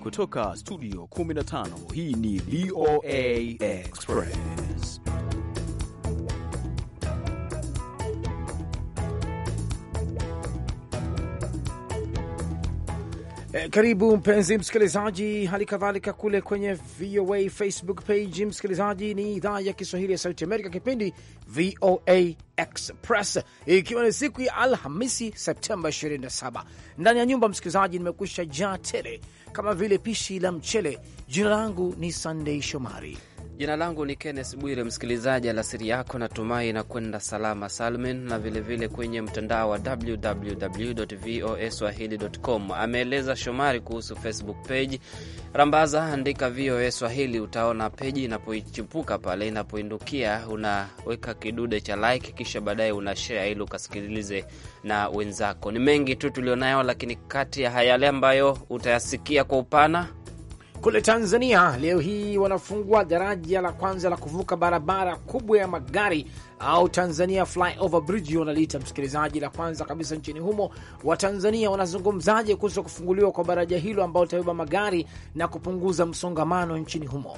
Kutoka studio 15 hii ni VOA Express. E, karibu mpenzi msikilizaji, hali kadhalika kule kwenye VOA Facebook page. Msikilizaji, ni idhaa ya Kiswahili ya Sauti Amerika, kipindi VOA Express, ikiwa ni siku ya Alhamisi Septemba 27. Ndani ya nyumba msikilizaji, nimekwisha jaa tele kama vile pishi la mchele. Jina langu ni Sunday Shomari Jina langu ni Kenneth Bwire. Msikilizaji, alasiri yako natumai na kwenda salama salmin, na vilevile vile kwenye mtandao wa www voa swahili.com. Ameeleza Shomari kuhusu Facebook page, rambaza andika VOA Swahili, utaona peji inapoichipuka pale, inapoindukia unaweka kidude cha like, kisha baadaye una share ili ukasikilize na wenzako. Ni mengi tu tulionayo, lakini kati ya hayale ambayo utayasikia kwa upana kule Tanzania leo hii wanafungua daraja la kwanza la kuvuka barabara kubwa ya magari au Tanzania Flyover Bridge wanaliita msikilizaji, la kwanza kabisa nchini humo. Watanzania wanazungumzaje kuhusu kufunguliwa kwa daraja hilo ambalo litabeba magari na kupunguza msongamano nchini humo?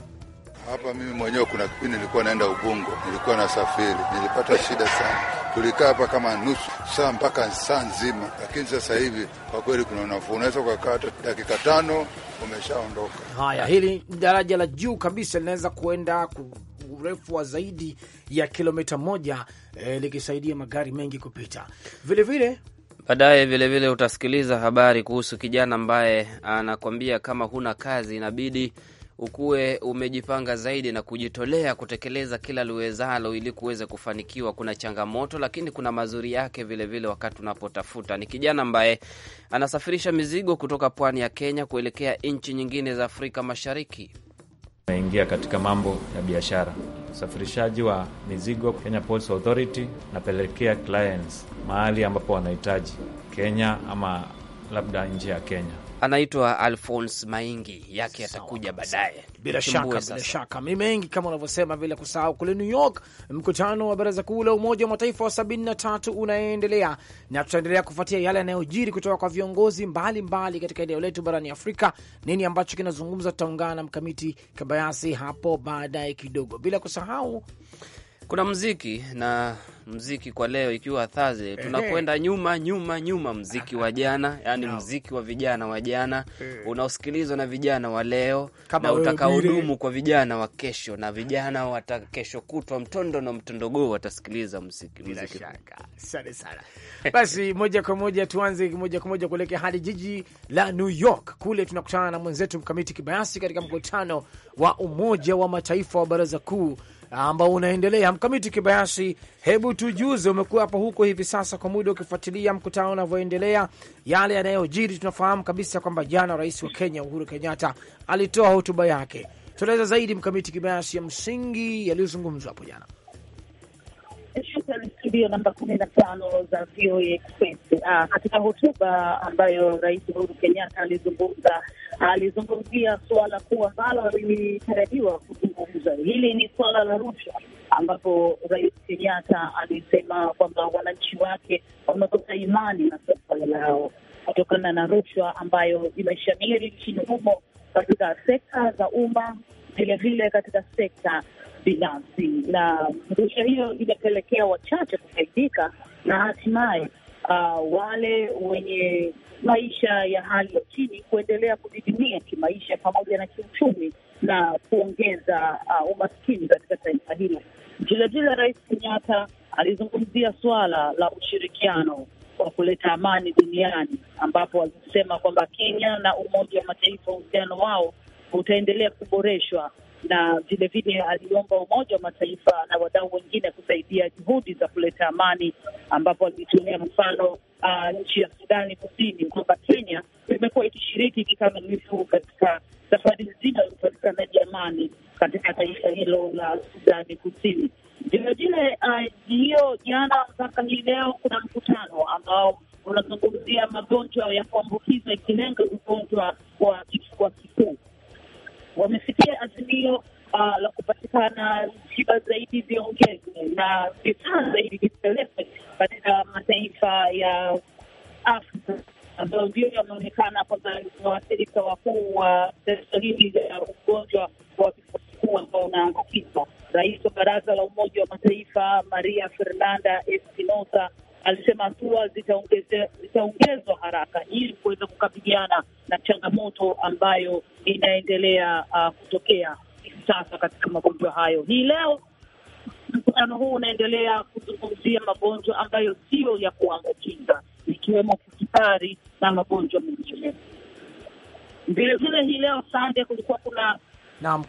Hapa mimi mwenyewe kuna kipindi nilikuwa naenda Ubungo, nilikuwa nasafiri, nilipata shida sana. Tulikaa hapa kama nusu saa mpaka saa nzima, lakini sasa hivi kwa kweli kuna nafuu, unaweza ukakaa hata dakika tano umeshaondoka. Haya, hili daraja la juu kabisa linaweza kuenda ku urefu wa zaidi ya kilomita moja eh, likisaidia magari mengi kupita vilevile baadaye vilevile utasikiliza habari kuhusu kijana ambaye anakwambia kama huna kazi inabidi ukuwe umejipanga zaidi na kujitolea kutekeleza kila liwezalo ili kuweza kufanikiwa. Kuna changamoto, lakini kuna mazuri yake vilevile vile wakati unapotafuta. Ni kijana ambaye anasafirisha mizigo kutoka pwani ya Kenya kuelekea nchi nyingine za Afrika Mashariki. Naingia katika mambo ya biashara, usafirishaji wa mizigo. Kenya Ports Authority napelekea clients mahali ambapo wanahitaji Kenya ama labda nje ya Kenya anaitwa Alphonse Maingi, yake yatakuja baadaye bila shaka, bila shaka mi mengi kama unavyosema, vile kusahau kule New York mkutano wa baraza kuu la Umoja wa Mataifa wa sabini na tatu unaendelea na tutaendelea kufuatia yale yanayojiri kutoka kwa viongozi mbalimbali mbali katika eneo letu barani Afrika. Nini ambacho kinazungumza, tutaungana na mkamiti Kabayasi hapo baadaye kidogo, bila kusahau kuna mziki na mziki kwa leo, ikiwa Thursday tunakwenda nyuma nyuma nyuma, mziki wa jana, yani mziki wa vijana wa jana unaosikilizwa na vijana wa leo Kama na utakaodumu kwa vijana wa kesho na vijana wata kesho kutwa, mtondo na mtondogoo watasikiliza mziki. Asante sana. Basi moja kwa moja tuanze moja kwa moja kuelekea hadi jiji la New York. Kule tunakutana na mwenzetu Mkamiti Kibayasi katika mkutano wa Umoja wa Mataifa wa Baraza Kuu ambao unaendelea. Mkamiti Kibayasi, hebu tujuze, umekuwa hapo huko hivi sasa kwa muda ukifuatilia mkutano unavyoendelea, yale yanayojiri. Tunafahamu kabisa kwamba jana rais wa Kenya Uhuru Kenyatta alitoa hotuba yake. Tueleza zaidi Mkamiti Kibayasi, ya msingi yaliyozungumzwa hapo jana studio namba kumi na tano za VOA Express. Ah, katika hotuba ambayo Rais Uhuru Kenyatta alizungumza, alizungumzia suala kuu ambalo lilitarajiwa kuzungumza. Hili ni suala la rushwa, ambapo Rais Kenyatta alisema kwamba wananchi wake wamekosa imani na serikali lao kutokana na rushwa ambayo imeshamiri nchini humo katika sekta za umma, vilevile katika sekta binafsi, na rusha hiyo imepelekea wachache kufaidika na hatimaye uh, wale wenye maisha ya hali ya chini kuendelea kudidimia kimaisha pamoja na kiuchumi na kuongeza uh, umaskini katika taifa hilo. Vilevile Rais Kenyatta alizungumzia suala la ushirikiano wa kuleta amani duniani ambapo alisema kwamba Kenya na Umoja wa Mataifa uhusiano wao utaendelea kuboreshwa na vilevile aliomba Umoja wa Mataifa na wadau wengine kusaidia juhudi za kuleta amani, ambapo alitumia mfano uh, nchi ya Sudani Kusini kwamba Kenya imekuwa ikishiriki kikamilifu katika safari nzima ya upatikanaji amani katika taifa hilo la Sudani Kusini. Vilevile ah, hiyo uh, jana mpaka hii leo kuna mkutano ambao unazungumzia magonjwa ya kuambukiza ikilenga ugonjwa wa kifua kikuu wamefikia azimio uh, la kupatikana tiba zaidi ziongezwe na vifaa zaidi vipelekwe katika mataifa ya Afrika ambayo ndio yameonekana kwamba waathirika wakuu wa tatizo hili la ugonjwa wa kifua kikuu ambao unaambukiza. Rais wa Baraza la Umoja wa Mataifa Maria Fernanda Espinosa alisema hatua zitaongezwa haraka ili kuweza kukabiliana na changamoto ambayo inaendelea uh, kutokea hivi sasa katika magonjwa hayo. Hii leo mkutano huu unaendelea kuzungumzia magonjwa ambayo siyo ya kuambukiza ikiwemo kisukari na magonjwa mengine. Vilevile hii leo Sande kulikuwa kuna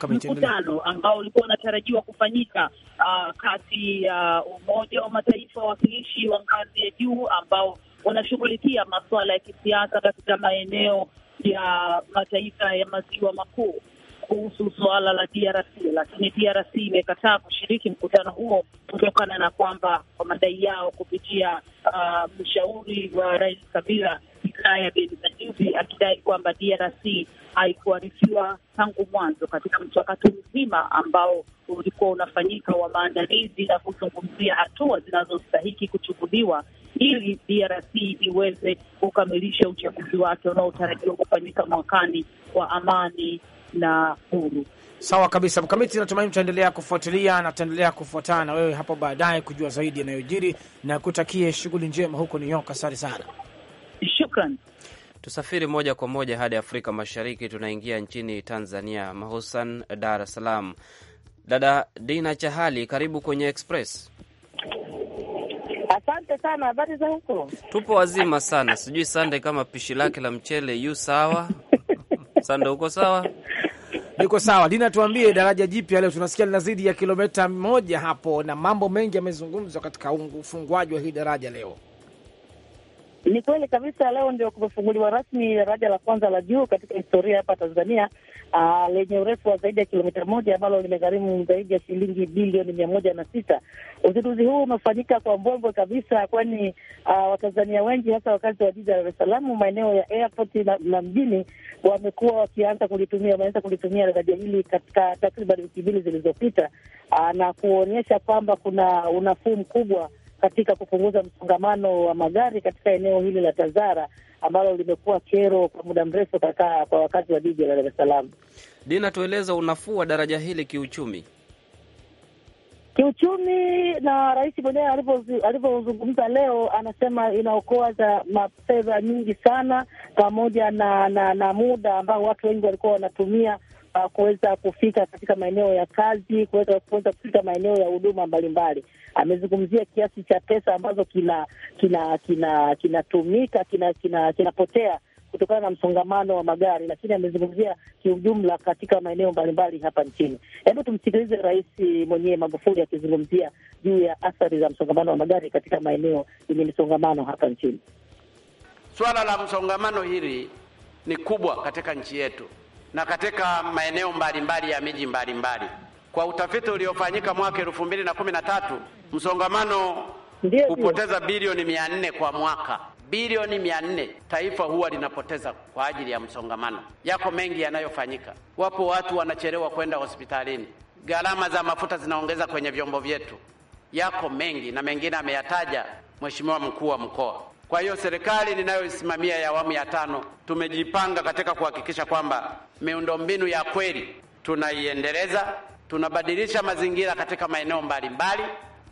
mkutano ambao ulikuwa unatarajiwa kufanyika uh, kati ya uh, Umoja wa Mataifa wawakilishi wa ngazi ya juu ambao wanashughulikia masuala ya kisiasa katika maeneo ya mataifa ya maziwa makuu kuhusu suala la DRC, lakini DRC imekataa kushiriki mkutano huo kutokana na kwamba kwa madai yao kupitia uh, mshauri wa Rais Kabila Isaya Ben Sadusi akidai kwamba DRC haikuarifiwa tangu mwanzo katika mchakato mzima ambao ulikuwa unafanyika wa maandalizi na kuzungumzia hatua zinazostahiki kuchukuliwa ili DRC iweze kukamilisha uchaguzi wake unaotarajiwa kufanyika mwakani kwa amani na huru. Sawa kabisa, Mkamiti, natumaini mtaendelea kufuatilia na tutaendelea kufuatana na wewe hapo baadaye kujua zaidi yanayojiri, na kutakie shughuli njema huko New York. Asante sana, shukran. Tusafiri moja kwa moja hadi Afrika Mashariki. Tunaingia nchini Tanzania, mahusan Dar es Salaam. Dada Dina Chahali, karibu kwenye Express. Asante sana. Habari za huko? Tupo wazima sana. Sijui Sande kama pishi lake la mchele yu sawa? Sande, huko sawa? Niko sawa. Dina, tuambie, daraja jipya leo tunasikia linazidi ya kilometa moja hapo, na mambo mengi yamezungumzwa katika ufunguaji wa hii daraja leo. Ni kweli kabisa, leo ndio kumefunguliwa rasmi daraja la kwanza la juu katika historia hapa Tanzania, uh, lenye urefu wa zaidi ya kilomita moja ambalo limegharimu zaidi ya shilingi bilioni mia moja na sita. Uzinduzi huu umefanyika kwa mbwembwe kabisa, kwani uh, Watanzania wengi hasa wakazi wa jiji la Dar es Salaam, maeneo ya airport na, na mjini wamekuwa wakianza kulitumia, wameanza kulitumia daraja hili katika takriban wiki mbili zilizopita, uh, na kuonyesha kwamba kuna unafuu mkubwa katika kupunguza msongamano wa magari katika eneo hili la Tazara ambalo limekuwa kero kwa muda mrefu kakaa kwa wakazi wa jiji la Dar es Salaam. Dina, tueleza unafuu wa daraja hili kiuchumi kiuchumi na rais mwenyewe alivyozungumza leo, anasema inaokoa za mafedha nyingi sana, pamoja na na, na muda ambao watu wengi walikuwa wanatumia uh, kuweza kufika katika maeneo ya kazi, kuweza kuweza kufika maeneo ya huduma mbalimbali amezungumzia kiasi cha pesa ambazo kinatumika kina, kina, kinapotea kina, kina, kina kutokana na msongamano wa magari, lakini amezungumzia kiujumla katika maeneo mbalimbali hapa nchini. Hebu tumsikilize Rais mwenyewe Magufuli akizungumzia juu ya athari za msongamano wa magari katika maeneo yenye msongamano hapa nchini. Swala la msongamano hili ni kubwa katika nchi yetu na katika maeneo mbalimbali ya miji mbalimbali mbali. Kwa utafiti uliofanyika mwaka elfu mbili na kumi na tatu msongamano hupoteza bilioni mia nne kwa mwaka, bilioni mia nne taifa huwa linapoteza kwa ajili ya msongamano. Yako mengi yanayofanyika, wapo watu wanachelewa kwenda hospitalini, gharama za mafuta zinaongeza kwenye vyombo vyetu. Yako mengi na mengine ameyataja Mheshimiwa mkuu wa mkoa. Kwa hiyo serikali ninayoisimamia ya awamu ya tano tumejipanga katika kuhakikisha kwamba miundombinu ya kweli tunaiendeleza tunabadilisha mazingira katika maeneo mbalimbali,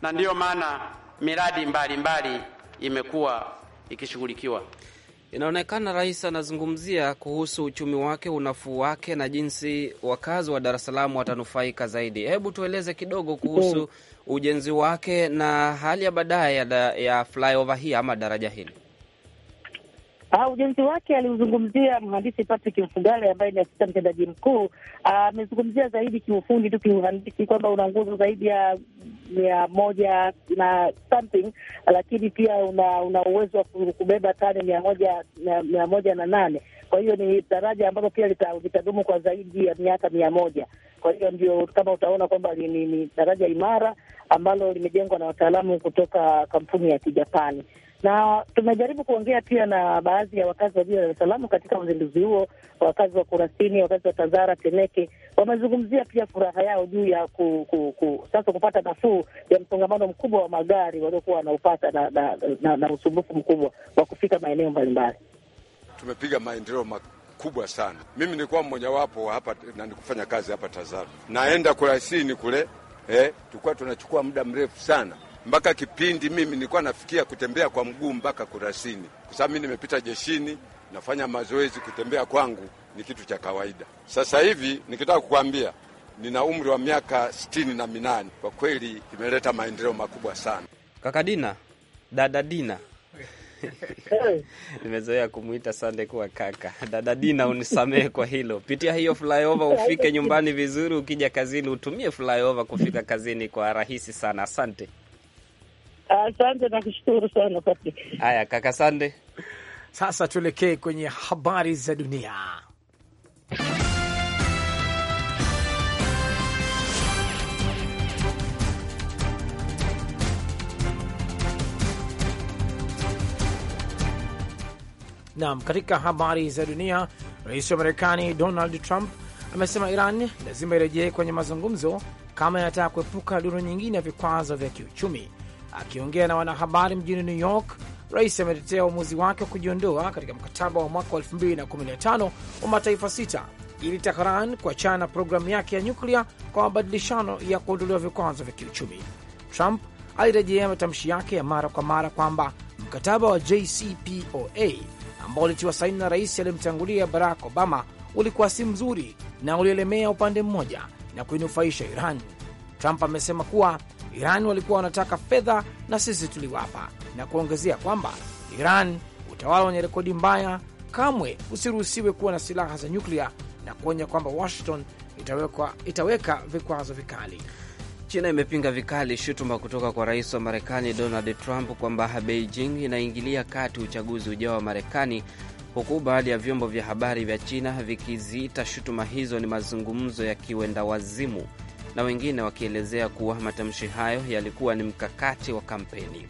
na ndiyo maana miradi mbalimbali imekuwa ikishughulikiwa. Inaonekana rais anazungumzia kuhusu uchumi wake, unafuu wake, na jinsi wakazi wa Dar es Salaam watanufaika zaidi. Hebu tueleze kidogo kuhusu mm. ujenzi wake na hali ya baadaye ya flyover hii ama daraja hili. Ah, ujenzi wake aliuzungumzia mhandisi Patrick Mfugale ambaye ni afisa mtendaji mkuu. Ah, amezungumzia zaidi kiufundi tu, kiuhandisi kwamba una nguzo zaidi ya mia moja na something, lakini pia una una uwezo wa kubeba tani mia moja mia moja na nane. Kwa hiyo ni daraja ambalo pia litadumu kwa zaidi ya miaka mia moja. Kwa hiyo ndio kama utaona kwamba ni daraja imara ambalo limejengwa na wataalamu kutoka kampuni ya Kijapani na tumejaribu kuongea pia na baadhi ya wakazi wa jiji la Dar es Salaam katika uzinduzi huo. Wakazi wa Kurasini, wakazi wa Tazara, Temeke wamezungumzia pia furaha yao juu ya ku, ku, ku, sasa kupata nafuu ya msongamano mkubwa wa magari waliokuwa wanaupata na, na, na, na usumbufu mkubwa wa kufika maeneo mbalimbali. Tumepiga maendeleo makubwa sana. Mimi nilikuwa mmojawapo hapa na nikufanya kazi hapa Tazara, naenda Kurasini kule eh, tulikuwa tunachukua muda mrefu sana mpaka kipindi mimi nilikuwa nafikia kutembea kwa mguu mpaka Kurasini, kwa sababu mimi nimepita jeshini, nafanya mazoezi. Kutembea kwangu ni kitu cha kawaida. Sasa hivi nikitaka kukwambia, nina umri wa miaka sitini na minane. Kwa kweli imeleta maendeleo makubwa sana. Kaka Dina, dada Dina nimezoea kumwita Sande kuwa kaka. Dada Dina, unisamehe kwa hilo. Pitia hiyo flyover ufike nyumbani vizuri, ukija kazini utumie flyover kufika kazini kwa rahisi sana. Asante. Asante na kushukuru sana Patrick. Haya kaka Sande, sasa tuelekee kwenye habari za dunia. Nam, katika habari za dunia, rais wa Marekani Donald Trump amesema Iran lazima irejee kwenye mazungumzo kama inataka kuepuka duru nyingine ya vikwazo vya kiuchumi Akiongea na wanahabari mjini New York, rais ametetea uamuzi wake wa kujiondoa katika mkataba wa mwaka wa 2015 wa mataifa sita ili Tehran kuachana na programu yake ya nyuklia kwa mabadilishano ya kuondolewa vikwazo vya kiuchumi. Trump alirejea matamshi yake ya mara kwa mara kwamba mkataba wa JCPOA ambao ulitiwa saini na rais aliyemtangulia Barack Obama ulikuwa si mzuri na ulielemea upande mmoja na kuinufaisha Iran. Trump amesema kuwa Iran walikuwa wanataka fedha na sisi tuliwapa, na kuongezea kwamba Iran, utawala wenye rekodi mbaya, kamwe usiruhusiwe kuwa na silaha za nyuklia na kuonya kwamba Washington itaweka, itaweka vikwazo vikali. China imepinga vikali shutuma kutoka kwa rais wa Marekani Donald Trump kwamba Beijing inaingilia kati uchaguzi ujao wa Marekani, huku baadhi ya vyombo vya habari vya China vikiziita shutuma hizo ni mazungumzo ya kiwenda wazimu na wengine wakielezea kuwa matamshi hayo yalikuwa ni mkakati wa kampeni.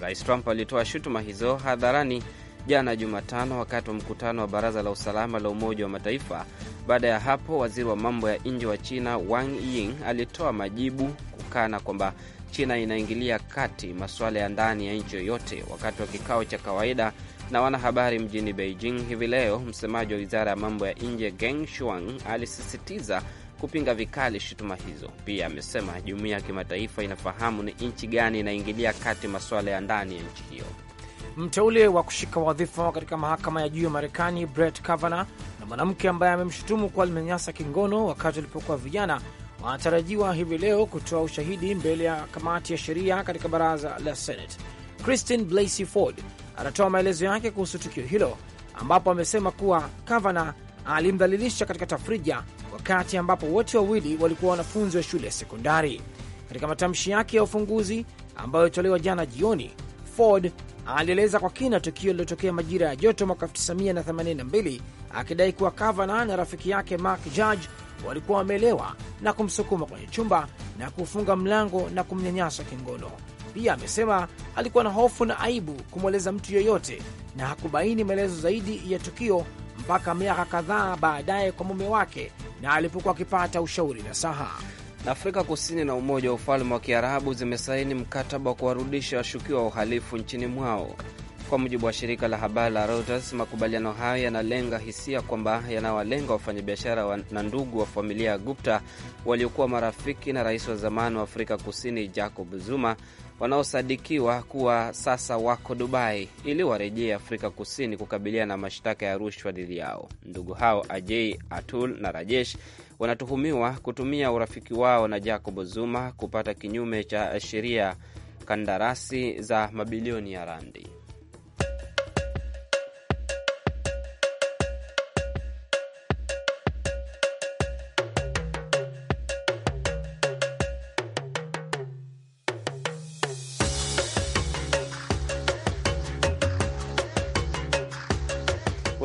Rais Trump alitoa shutuma hizo hadharani jana Jumatano wakati wa mkutano wa Baraza la Usalama la Umoja wa Mataifa. Baada ya hapo, waziri wa mambo ya nje wa China Wang Yi alitoa majibu kukana kwamba China inaingilia kati masuala ya ndani ya nchi yoyote. Wakati wa kikao cha kawaida na wanahabari mjini Beijing hivi leo, msemaji wa wizara ya mambo ya nje Geng Shuang alisisitiza kupinga vikali shutuma hizo. Pia amesema jumuiya ya kimataifa inafahamu ni nchi gani inaingilia kati masuala ya ndani ya nchi hiyo. Mteule wa kushika wadhifa katika mahakama ya juu ya Marekani Brett Kavanaugh na mwanamke ambaye amemshutumu kuwa alimenyasa kingono wakati walipokuwa vijana wanatarajiwa hivi leo kutoa ushahidi mbele ya kamati ya sheria katika baraza la Senate. Christine Blasey Ford anatoa maelezo yake kuhusu tukio hilo, ambapo amesema kuwa Kavanaugh alimdhalilisha katika tafrija wakati ambapo wote wawili walikuwa wanafunzi wa shule ya sekondari. Katika matamshi yake ya ufunguzi ambayo ilitolewa jana jioni, Ford alieleza kwa kina tukio lililotokea majira ya joto mwaka 1982 akidai kuwa Kavana na rafiki yake Mark Judge walikuwa wameelewa na kumsukuma kwenye chumba na kufunga mlango na kumnyanyasa kingono. Pia amesema alikuwa na hofu na aibu kumweleza mtu yoyote na hakubaini maelezo zaidi ya tukio mpaka miaka kadhaa baadaye kwa mume wake na alipokuwa akipata ushauri na saha. Afrika Kusini na Umoja wa Ufalme wa Kiarabu zimesaini mkataba wa kuwarudisha washukiwa wa uhalifu nchini mwao. Kwa mujibu wa shirika la habari la Reuters, makubaliano hayo yanalenga hisia kwamba yanawalenga wafanyabiashara na ndugu wa familia ya Gupta waliokuwa marafiki na rais wa zamani wa Afrika Kusini Jacob Zuma wanaosadikiwa kuwa sasa wako Dubai ili warejee Afrika Kusini kukabiliana na mashtaka ya rushwa dhidi yao. Ndugu hao Ajay, Atul na Rajesh wanatuhumiwa kutumia urafiki wao na Jacob Zuma kupata kinyume cha sheria kandarasi za mabilioni ya randi.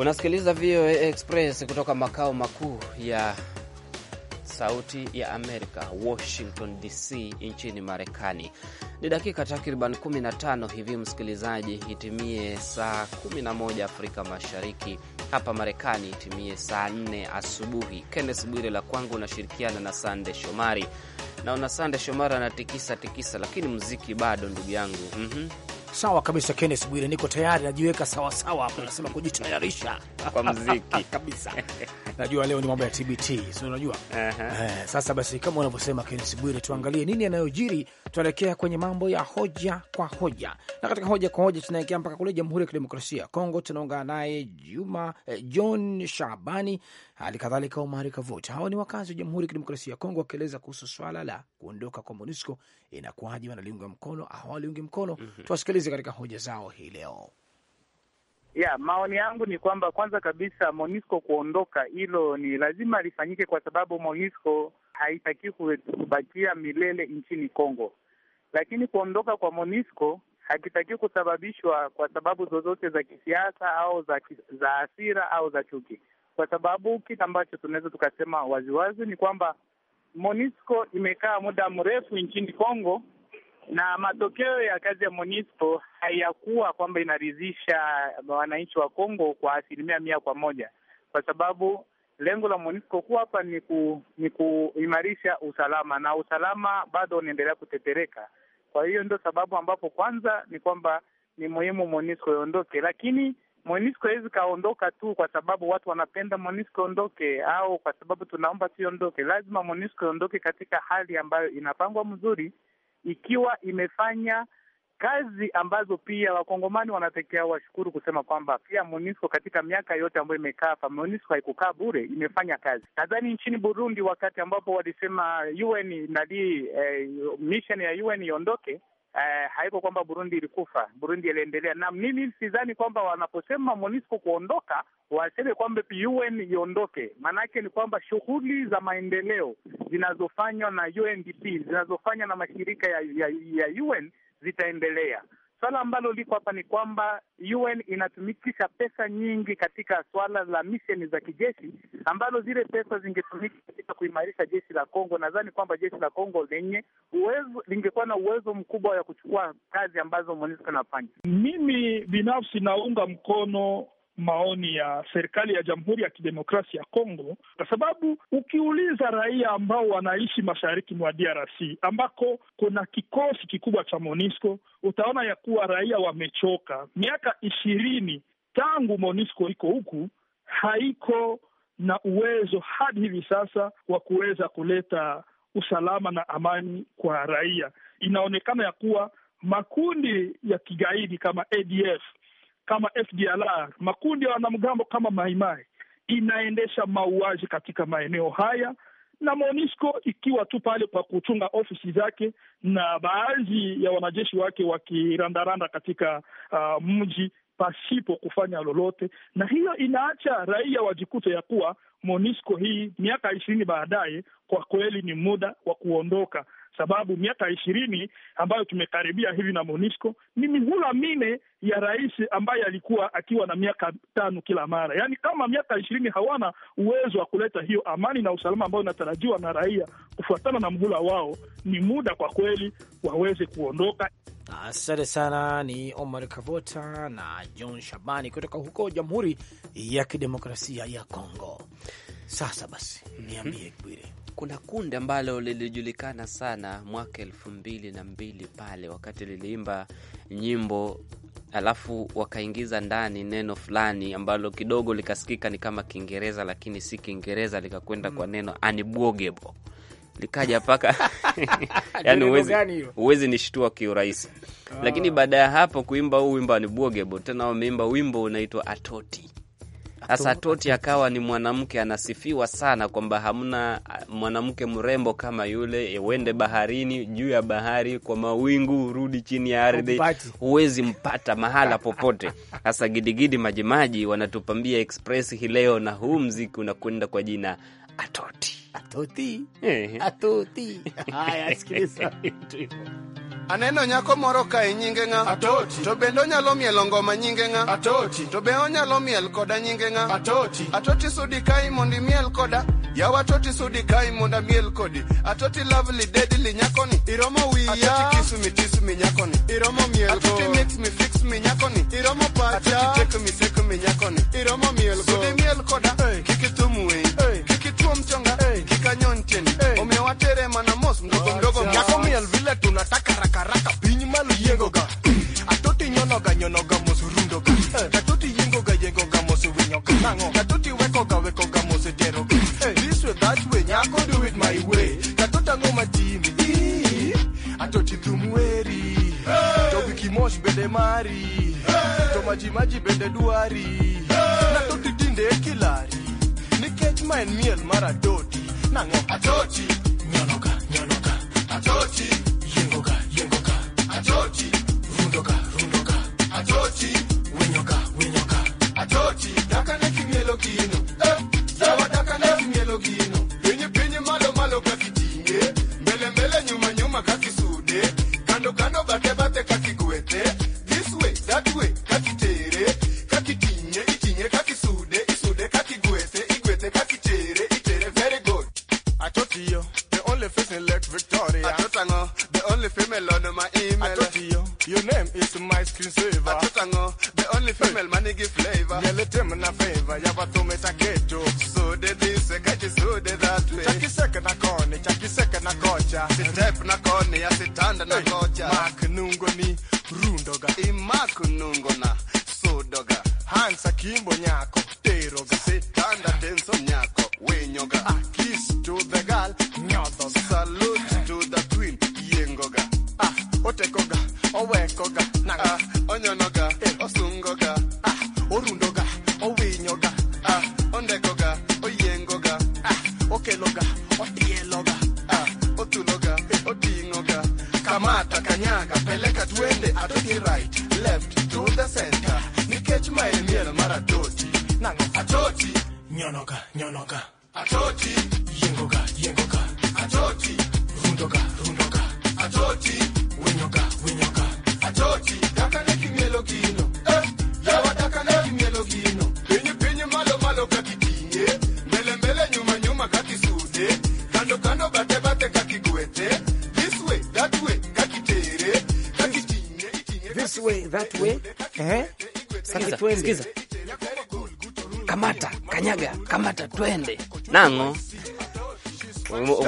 Unasikiliza VOA Express kutoka makao makuu ya Sauti ya Amerika, Washington DC, nchini Marekani. Ni dakika takriban 15 hivi, msikilizaji, itimie saa 11 Afrika Mashariki, hapa Marekani itimie saa 4 asubuhi. Kennes Bwire la kwangu unashirikiana na Sande Shomari. Naona Sande Shomari anatikisa tikisa, lakini mziki bado, ndugu yangu. mm -hmm. Sawa kabisa, Kennes Bwire, niko tayari, najiweka sawasawa hapo, nasema kujitayarisha kwa mziki kabisa. Najua leo ni mambo ya TBT, si unajua? uh -huh. Eh, sasa basi kama unavyosema Kennes Bwire, tuangalie nini yanayojiri. Tuelekea kwenye mambo ya hoja kwa hoja, na katika hoja kwa hoja tunaelekea mpaka kule Jamhuri ya Kidemokrasia ya Kongo. Tunaungana naye Juma eh, John Shabani, hali kadhalika Omari Kavota. Hawa ni wakazi wa Jamhuri ya Kidemokrasia ya Kongo wakieleza kuhusu swala la kuondoka kwa MONUSCO. Inakuwaje, wanaliunga mkono au hawaliungi mkono? mm -hmm. Tuwasikilize katika hoja zao hii leo. Yeah, maoni yangu ni kwamba kwanza kabisa Monisco kuondoka, hilo ni lazima lifanyike, kwa sababu Monisco haitaki kubakia milele nchini congo lakini kuondoka kwa Monisco hakitaki kusababishwa kwa sababu zozote za kisiasa au za za hasira au za chuki, kwa sababu kile ambacho tunaweza tukasema waziwazi ni kwamba Monisco imekaa muda mrefu nchini congo na matokeo ya kazi ya MONUSCO hayakuwa kwamba inaridhisha wananchi wa Kongo kwa asilimia mia kwa moja, kwa sababu lengo la MONUSCO kuwa hapa ni, ku, ni kuimarisha usalama na usalama bado unaendelea kutetereka. Kwa hiyo ndio sababu ambapo kwanza ni kwamba ni muhimu MONUSCO iondoke, lakini MONUSCO haiwezi kaondoka tu kwa sababu watu wanapenda MONUSCO ondoke au kwa sababu tunaomba siondoke. Lazima MONUSCO iondoke katika hali ambayo inapangwa mzuri ikiwa imefanya kazi ambazo pia wakongomani wanatakia washukuru kusema kwamba pia MONUSCO katika miaka yote ambayo imekaa hapa, MONUSCO haikukaa bure, imefanya kazi. Nadhani nchini Burundi wakati ambapo walisema UN nalii eh, mission ya UN iondoke, eh, haiko kwamba Burundi ilikufa. Burundi iliendelea, na mimi sidhani kwamba wanaposema MONUSCO kuondoka waseme kwamba UN iondoke. Maanake ni kwamba shughuli za maendeleo zinazofanywa na UNDP zinazofanywa na mashirika ya, ya, ya UN zitaendelea Swala ambalo liko hapa ni kwamba UN inatumikisha pesa nyingi katika swala la misheni za kijeshi, ambalo zile pesa zingetumika katika kuimarisha jeshi la Kongo. Nadhani kwamba jeshi la Kongo lenye uwezo lingekuwa na uwezo mkubwa wa kuchukua kazi ambazo MONUSCO inafanya. Mimi binafsi naunga mkono maoni ya serikali ya Jamhuri ya Kidemokrasia ya Kongo, kwa sababu ukiuliza raia ambao wanaishi mashariki mwa DRC ambako kuna kikosi kikubwa cha MONUSCO utaona ya kuwa raia wamechoka. Miaka ishirini tangu MONUSCO iko huku haiko na uwezo hadi hivi sasa wa kuweza kuleta usalama na amani kwa raia. Inaonekana ya kuwa makundi ya kigaidi kama ADF kama FDLR, makundi ya wanamgambo kama Maimai inaendesha mauaji katika maeneo haya, na MONUSCO ikiwa tu pale kwa kuchunga ofisi zake na baadhi ya wanajeshi wake wakirandaranda katika uh, mji pasipo kufanya lolote, na hiyo inaacha raia wajikute ya kuwa MONUSCO hii miaka ishirini baadaye kwa kweli ni muda wa kuondoka sababu miaka ishirini ambayo tumekaribia hivi na MONUSCO ni mihula mine ya rais ambaye alikuwa akiwa na miaka tano kila mara. Yaani, kama miaka ishirini hawana uwezo wa kuleta hiyo amani na usalama ambayo inatarajiwa na raia kufuatana na mhula wao, ni muda kwa kweli waweze kuondoka. Asante sana. Ni Omar Kavota na John Shabani kutoka huko Jamhuri ya Kidemokrasia ya Kongo. Sasa basi, mhm. niambie Bwire kuna kundi ambalo lilijulikana sana mwaka elfu mbili na mbili pale wakati liliimba nyimbo alafu wakaingiza ndani neno fulani ambalo kidogo likasikika ni kama Kiingereza lakini si Kiingereza, likakwenda mm, kwa neno anibwogebo likaja paka yani uwezi nishtua kiurahisi, ah. lakini baada ya hapo kuimba huu wimbo anibwogebo, tena wameimba wimbo unaitwa atoti sasa Toti akawa ni mwanamke anasifiwa sana kwamba hamna ah, mwanamke mrembo kama yule. Uende baharini, juu ya bahari, kwa mawingu, urudi chini ya ardhi, huwezi mpata mahala popote. Sasa Gidigidi Majimaji wanatupambia express hii leo, na huu mziki unakwenda kwa jina Atoti, Atoti, Atoti. Haya, sikiliza Aneno nyako moro ka e nyinge ng'a? Atoti. To bende onyalo mielo ngoma nyinge ng'a? Atoti. To be onyalo miel koda nyinge ng'a? Atoti. Atoti sudi kai mondi miel koda. Ya watoti sudi kai monda miel kodi. Atoti lovely deadly nyakoni. Iromo wiya. Atoti kiss me kiss me nyakoni. Iromo miel. Atoti mix me fix me nyakoni. Iromo pacha. Atoti take me take me nyakoni. Iromo oting'o ga kamata kanyaga peleka twende atoki right left to the center nikech maemiel mar atoti nang'o atoti nyono ka hata twende nango.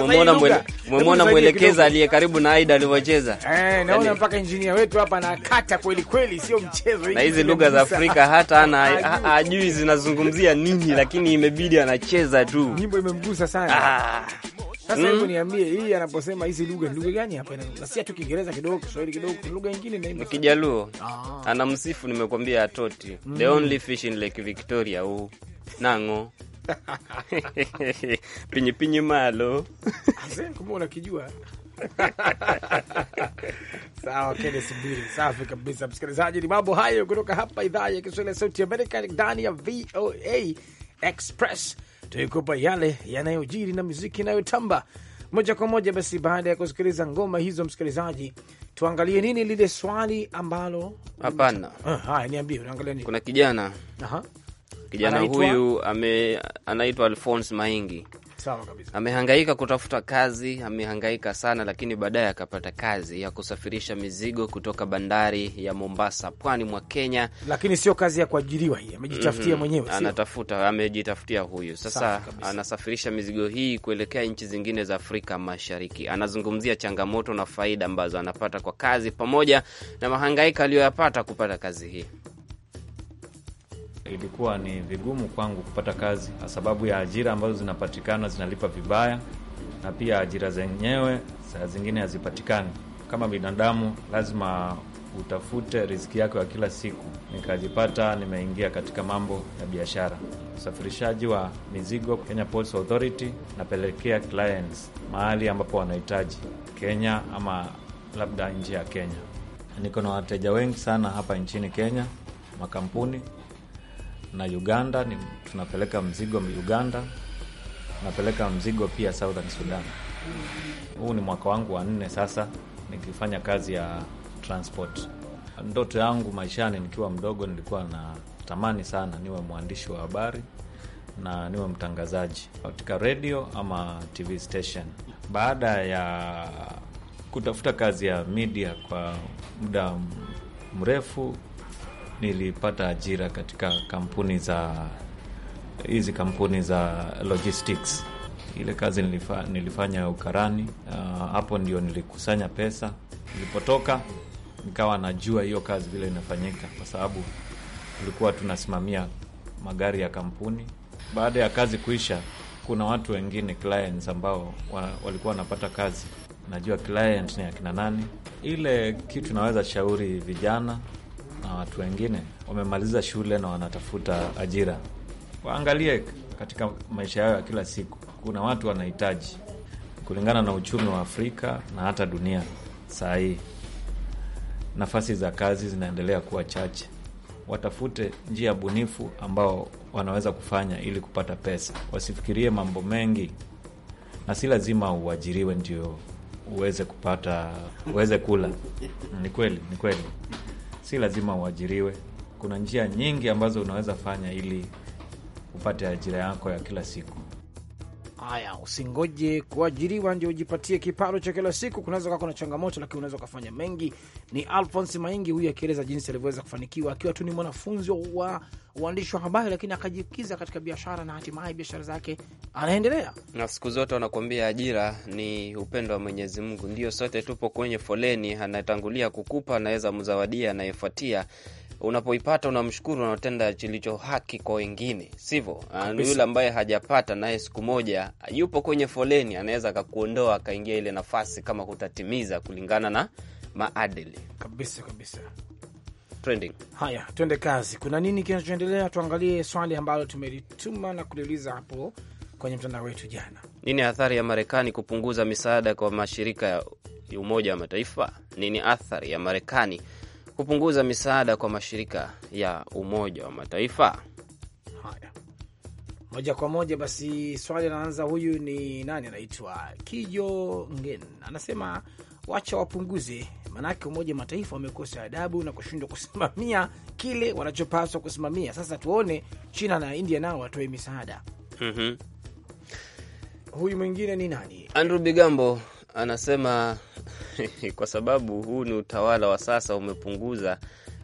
Umemwona umemwona mwelekeza aliye karibu na Aida alivyocheza, eh, naona mpaka engineer wetu hapa anakata kweli kweli, sio mchezo. hii. Na hizi lugha za Afrika hata ana ajui zinazungumzia nini, lakini imebidi anacheza tu, nyimbo imemgusa sana. Ah. Sasa hmm? hebu niambie, hii anaposema hizi lugha, lugha gani hapa? ina? Na si tu Kiingereza kidogo, Kiswahili kidogo, lugha nyingine na Kijaluo. Ah. Anamsifu, nimekwambia atoti, the hmm. only fish in Lake Victoria, huu nango pinyi pinyi malo kumbe unakijua. Sawa subiri. safi kabisa. Msikilizaji, ni mambo hayo kutoka hapa idhaa ya Kiswahili ya Sauti Amerika ndani ya VOA Express, tuikupa yale yanayojiri na muziki inayotamba moja kwa moja. Basi baada ya kusikiliza ngoma hizo, msikilizaji, tuangalie nini lile swali ambalo hapana. Uh, haya niambie, unaangalia nini? Kuna kijana uh -huh. Kijana huyu ame, anaitwa Alphonse Maingi. Sawa kabisa. Amehangaika kutafuta kazi, amehangaika sana, lakini baadaye akapata kazi ya kusafirisha mizigo kutoka bandari ya Mombasa, pwani mwa Kenya. Lakini sio kazi ya kuajiriwa hii, amejitafutia mwenyewe. mm -hmm. Anatafuta, amejitafutia huyu sasa, anasafirisha mizigo hii kuelekea nchi zingine za Afrika Mashariki. Anazungumzia changamoto na faida ambazo anapata kwa kazi pamoja na mahangaika aliyoyapata kupata kazi hii ilikuwa ni vigumu kwangu kupata kazi kwa sababu ya ajira ambazo zinapatikana zinalipa vibaya, na pia ajira zenyewe saa zingine hazipatikani. Kama binadamu lazima utafute riziki yako ya kila siku. Nikajipata nimeingia katika mambo ya biashara, usafirishaji wa mizigo. Kenya Ports Authority napelekea clients mahali ambapo wanahitaji Kenya ama labda nje ya Kenya. Niko na wateja wengi sana hapa nchini Kenya, makampuni na Uganda ni, tunapeleka mzigo Uganda, napeleka mzigo pia Southern Sudan. Huu ni mwaka wangu wa nne sasa nikifanya kazi ya transport. Ndoto yangu maishani, nikiwa mdogo, nilikuwa na tamani sana niwe mwandishi wa habari na niwe mtangazaji katika radio ama TV station. Baada ya kutafuta kazi ya media kwa muda mrefu, nilipata ajira katika kampuni za hizi kampuni za logistics. Ile kazi nilifa, nilifanya ukarani uh, hapo. Uh, ndio nilikusanya pesa. Nilipotoka nikawa najua hiyo kazi vile inafanyika, kwa sababu tulikuwa tunasimamia magari ya kampuni. Baada ya kazi kuisha, kuna watu wengine clients ambao wa, walikuwa wanapata kazi. Najua client ni akina nani. Ile kitu naweza shauri vijana na watu wengine wamemaliza shule na wanatafuta ajira, waangalie katika maisha yao ya kila siku, kuna watu wanahitaji kulingana na uchumi wa Afrika na hata dunia. Saa hii nafasi za kazi zinaendelea kuwa chache, watafute njia bunifu ambao wanaweza kufanya ili kupata pesa. Wasifikirie mambo mengi, na si lazima uajiriwe ndio uweze kupata uweze kula. Ni kweli, ni kweli si lazima uajiriwe. Kuna njia nyingi ambazo unaweza fanya ili upate ajira yako ya kila siku. Haya, usingoje kuajiriwa ndio ujipatie kiparo cha kila siku. Kunaweza kuwa kuna changamoto, lakini unaweza ukafanya mengi. Ni Alphonse Maingi huyu akieleza jinsi alivyoweza kufanikiwa akiwa tu ni mwanafunzi wa uandishi wa habari, lakini akajikiza katika biashara na hatimaye biashara zake anaendelea. Na siku zote wanakuambia ajira ni upendo wa Mwenyezi Mungu, ndio sote tupo kwenye foleni, anatangulia kukupa anaweza mzawadia anayefuatia unapoipata unamshukuru, unatenda kilicho haki kwa wengine, sivyo? Ah, yule ambaye hajapata naye siku moja yupo kwenye foleni, anaweza akakuondoa akaingia ile nafasi kama hutatimiza kulingana na maadili kabisa kabisa. Trending. Haya, tuende kazi. Kuna nini kinachoendelea? Tuangalie swali ambalo tumelituma na kuliuliza hapo kwenye mtandao wetu jana. Nini athari ya Marekani kupunguza misaada kwa mashirika ya Umoja wa Mataifa? Nini athari ya Marekani kupunguza misaada kwa mashirika ya Umoja wa Mataifa. Haya, moja kwa moja basi, swali anaanza huyu. Ni nani anaitwa? Kijo Ngen anasema wacha wapunguze, maanake Umoja wa Mataifa wamekosa adabu na kushindwa kusimamia kile wanachopaswa kusimamia. Sasa tuone China na India nao watoe misaada. mm -hmm. Huyu mwingine ni nani? Andrew Bigambo anasema kwa sababu huu ni utawala wa sasa umepunguza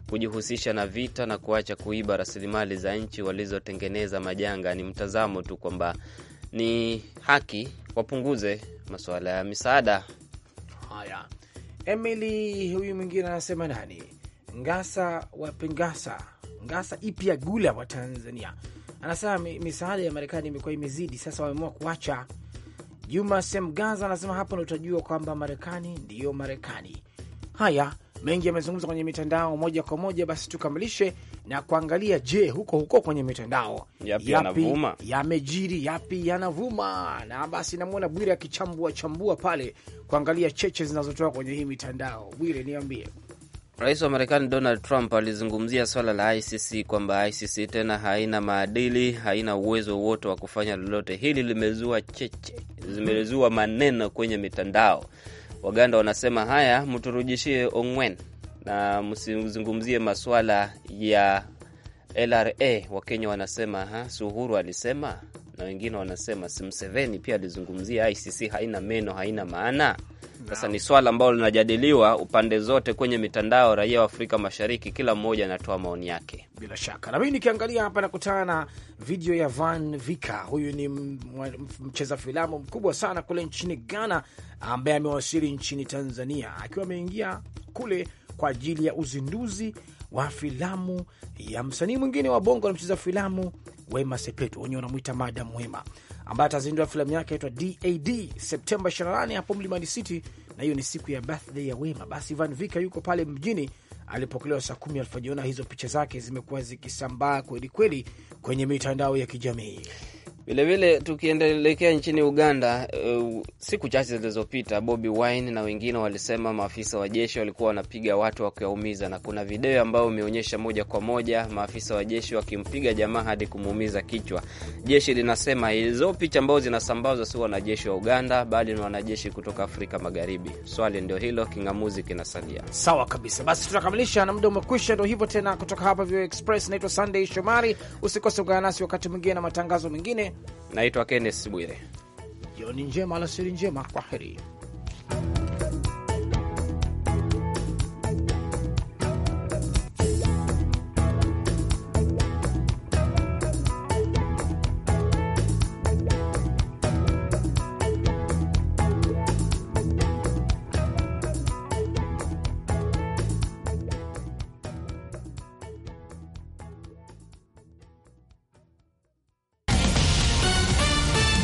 kujihusisha na vita na kuacha kuiba rasilimali za nchi walizotengeneza majanga. Ni mtazamo tu kwamba ni haki wapunguze masuala ya misaada. Haya, Emily huyu mwingine anasema nani, Ngasa wa Ngasa Ipya Gula wa Tanzania, anasema misaada ya Marekani imekuwa imezidi, sasa wameamua kuacha Juma Semgaza anasema hapo nautajua kwamba Marekani ndiyo Marekani. Haya, mengi yamezungumza kwenye mitandao moja kwa moja. Basi tukamilishe na kuangalia, je, huko huko kwenye mitandao yapi yamejiri yapi yanavuma? Na basi namwona Bwire akichambua chambua pale kuangalia cheche zinazotoka kwenye hii mitandao. Bwire, niambie. Rais wa Marekani Donald Trump alizungumzia swala la ICC kwamba ICC tena haina maadili, haina uwezo wote wa kufanya lolote. Hili limezua cheche, zimezua maneno kwenye mitandao. Waganda wanasema haya, mturujishie Ongwen na msizungumzie maswala ya LRA. Wakenya wanasema ha, Suhuru alisema na wengine wanasema si Mseveni pia alizungumzia ICC haina meno, haina maana. Sasa ni swala ambalo linajadiliwa upande zote kwenye mitandao. Raia wa Afrika Mashariki, kila mmoja anatoa maoni yake bila shaka. Na mimi nikiangalia hapa nakutana na video ya Van Vika. Huyu ni mcheza filamu mkubwa sana kule nchini Ghana, ambaye amewasili nchini Tanzania akiwa ameingia kule kwa ajili ya uzinduzi wa filamu ya msanii mwingine wa Bongo na mcheza filamu Wema Sepetu, wenyewe wanamwita Madam Wema, ambaye atazindua filamu yake aitwa Dad Septemba 28 hapo Mlimani City, na hiyo ni siku ya birthday ya Wema. Basi Van Vika yuko pale mjini alipokelewa saa kumi alfajiona. Hizo picha zake zimekuwa zikisambaa kwelikweli kwenye mitandao ya kijamii. Vilevile tukiendelekea nchini Uganda, uh, siku chache zilizopita Bobi Wine na wengine walisema maafisa wa jeshi walikuwa wanapiga watu wakiwaumiza, na kuna video ambayo imeonyesha moja kwa moja maafisa wa jeshi wakimpiga jamaa hadi kumuumiza kichwa. Jeshi linasema hizo picha ambazo zinasambazwa si wanajeshi wa Uganda, bali ni wanajeshi kutoka Afrika Magharibi. Swali ndio hilo, king'amuzi kinasalia. Sawa kabisa, basi tunakamilisha na muda umekwisha. Ndo hivyo tena, kutoka hapa VOA Express, naitwa Sunday Shomari. Usikose kuungana nasi wakati mwingine na matangazo mengine Naitwa Kenneth Bwire. Jioni njema, alasiri njema, kwa heri.